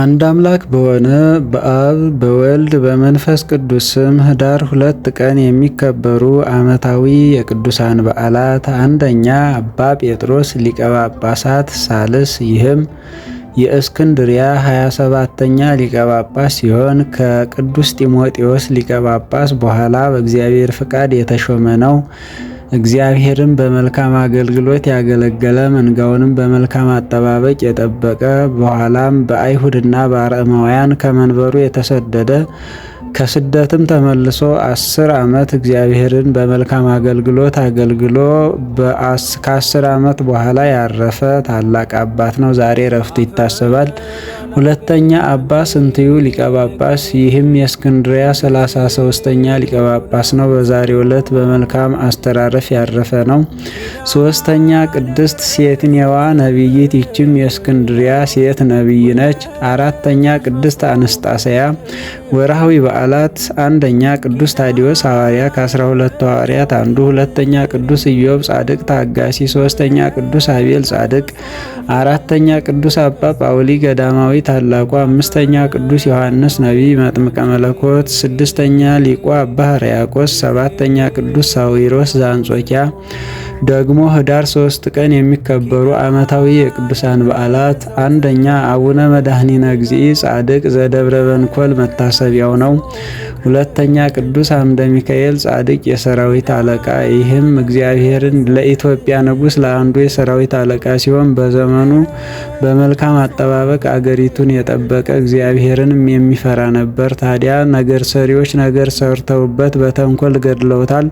አንድ አምላክ በሆነ በአብ በወልድ በመንፈስ ቅዱስ ስም ህዳር ሁለት ቀን የሚከበሩ ዓመታዊ የቅዱሳን በዓላት፣ አንደኛ አባ ጴጥሮስ ሊቀ ጳጳሳት ሳልስ፣ ይህም የእስክንድሪያ 27ተኛ ሊቀ ጳጳስ ሲሆን ከቅዱስ ጢሞቴዎስ ሊቀ ጳጳስ በኋላ በእግዚአብሔር ፍቃድ የተሾመ ነው። እግዚአብሔርን በመልካም አገልግሎት ያገለገለ መንጋውንም በመልካም አጠባበቅ የጠበቀ በኋላም በአይሁድና በአረማውያን ከመንበሩ የተሰደደ ከስደትም ተመልሶ አስር ዓመት እግዚአብሔርን በመልካም አገልግሎት አገልግሎ ከአስር ዓመት በኋላ ያረፈ ታላቅ አባት ነው። ዛሬ እረፍቱ ይታሰባል። ሁለተኛ አባ ስንትዩ ሊቀ ጳጳስ። ይህም የእስክንድሪያ ሰላሳ ሶስተኛ ሊቀ ጳጳስ ነው። በዛሬው ዕለት በመልካም አስተራረፍ ያረፈ ነው። ሶስተኛ ቅድስት ሴትኔዋ ነቢይት። ይችም የእስክንድሪያ ሴት ነቢይ ነች። አራተኛ ቅድስት አንስጣሰያ ወርሃዊ በዓላት አንደኛ ቅዱስ ታዲዮስ ሐዋርያ ከአስራ ሁለቱ ሐዋርያት አንዱ፣ ሁለተኛ ቅዱስ ኢዮብ ጻድቅ ታጋሲ፣ ሶስተኛ ቅዱስ አቤል ጻድቅ፣ አራተኛ ቅዱስ አባ ጳውሊ ገዳማዊ ታላቋ አምስተኛ ቅዱስ ዮሐንስ ነቢይ መጥምቀ መለኮት፣ ስድስተኛ ሊቁ አባ ሕርያቆስ፣ ሰባተኛ ቅዱስ ሳዊሮስ ዘአንጾኪያ። ደግሞ ህዳር ሶስት ቀን የሚከበሩ ዓመታዊ የቅዱሳን በዓላት፣ አንደኛ አቡነ መድኃኒነ እግዚእ ጻድቅ ዘደብረ በንኮል መታሰቢያው ነው። ሁለተኛ ቅዱስ አምደ ሚካኤል ጻድቅ የሰራዊት አለቃ፣ ይህም እግዚአብሔርን ለኢትዮጵያ ንጉሥ ለአንዱ የሰራዊት አለቃ ሲሆን በዘመኑ በመልካም አጠባበቅ አገሪቱ መብቱን የጠበቀ እግዚአብሔርንም የሚፈራ ነበር። ታዲያ ነገር ሰሪዎች ነገር ሰርተውበት በተንኮል ገድለውታል።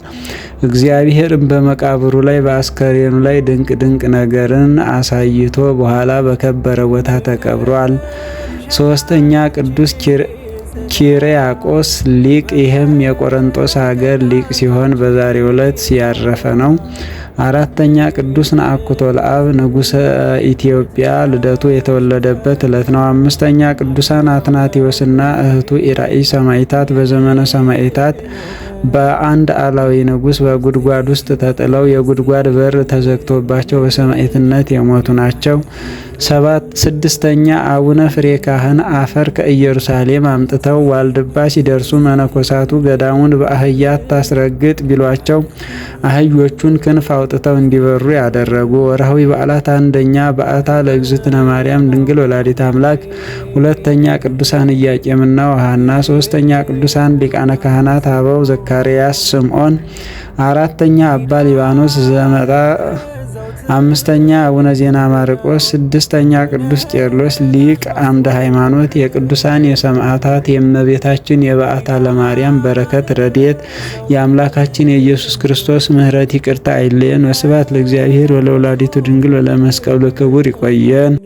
እግዚአብሔርም በመቃብሩ ላይ በአስከሬኑ ላይ ድንቅ ድንቅ ነገርን አሳይቶ በኋላ በከበረ ቦታ ተቀብሯል። ሶስተኛ ቅዱስ ኪሪያቆስ ሊቅ ይህም የቆረንጦስ ሀገር ሊቅ ሲሆን በዛሬው ዕለት ያረፈ ነው። አራተኛ ቅዱስ ነአኩቶ ለአብ ንጉሰ ኢትዮጵያ ልደቱ የተወለደበት ዕለት ነው። አምስተኛ ቅዱሳን አትናቴዎስና እህቱ ኢራኢ ሰማይታት በዘመነ ሰማዕታት በአንድ አላዊ ንጉስ በጉድጓድ ውስጥ ተጥለው የጉድጓድ በር ተዘግቶባቸው በሰማዕትነት የሞቱ ናቸው። ሰባት ስድስተኛ አቡነ ፍሬ ካህን አፈር ከኢየሩሳሌም አምጥተው ዋልድባ ሲደርሱ መነኮሳቱ ገዳሙን በአህያ ታስረግጥ ቢሏቸው አህዮቹን ክንፍ አውጥተው እንዲበሩ ያደረጉ። ወርሃዊ በዓላት አንደኛ በዓታ ለእግዝእትነ ማርያም ድንግል ወላዲት አምላክ፣ ሁለተኛ ቅዱሳን ኢያቄምና ወሐና፣ ሶስተኛ ቅዱሳን ሊቃነ ካህናት አበው ዘካርያስ፣ ስምዖን፣ አራተኛ አባ ሊባኖስ ዘመጣ አምስተኛ አቡነ ዜና ማርቆስ፣ ስድስተኛ ቅዱስ ቄርሎስ ሊቅ አምደ ሃይማኖት። የቅዱሳን የሰማዕታት የእመቤታችን የበዓታ ለማርያም በረከት ረድኤት፣ የአምላካችን የኢየሱስ ክርስቶስ ምሕረት ይቅርታ አይለየን። ወስብሐት ለእግዚአብሔር ወለወላዲቱ ድንግል ወለመስቀሉ ክቡር። ይቆየን።